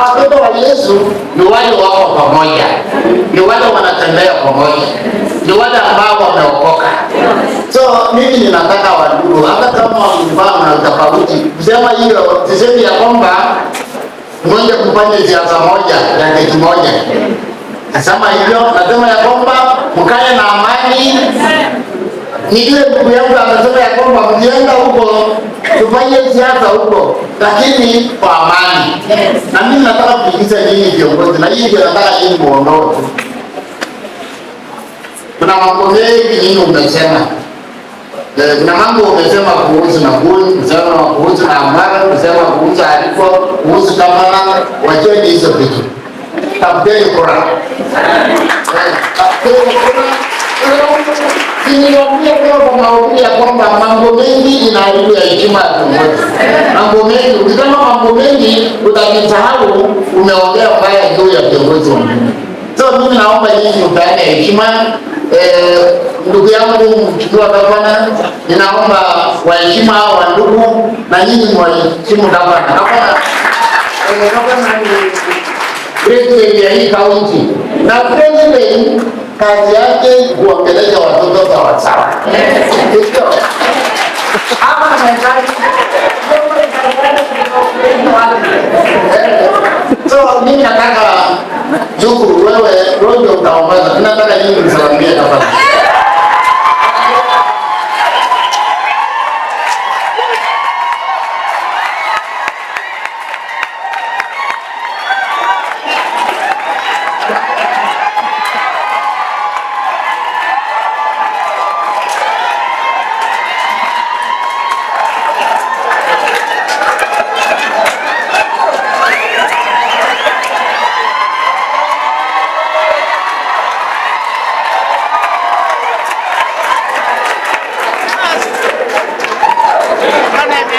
watoto wa Yesu ni wale wako pamoja, ni wale wanatembea pamoja, ni wale ambao wameokoka. So mimi ninataka wandugu, hata kama wamevaa na utafauti kusema hiyo sisemi ya kwamba mmoja kufanya siasa moja ya kitu moja, nasema hivyo, nasema ya kwamba mkae na amani. Nijue ndugu yangu anasema ya kwamba mjienda huko hata huko, lakini kwa amani. Na mimi nataka kuingiza nyinyi viongozi, na hii ndio nataka nyinyi muondoe. Kuna mambo mengi nyinyi umesema, eh, kuna mambo umesema kuhusu Nakuru, kusema kuhusu na Amara, kusema kuhusu alipo kuhusu Kamara. Wacheni hizo vitu, tapeni kura eh, kwa maombi ya kwamba mambo mengi inaaibu ya hekima ya kiongozi. Mambo mengi ukisema mambo mengi utajisahau, umeongea mbaya juu ya kiongozi wa Mungu. So mimi naomba nyinyi mpeane hekima. Eh, ndugu yangu mchukua gavana, ninaomba waheshima hao wa ndugu na nyinyi mwaheshimu gavana. Gavana eh, ni president ya hii kaunti na president kazi yake kuongelesha watoto za sawasawa mimi nataka Zuku, wewe Rojo utaongoza, nataka nyinyi msalimie tafadhali.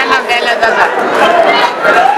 त्यांना द्यायला जातात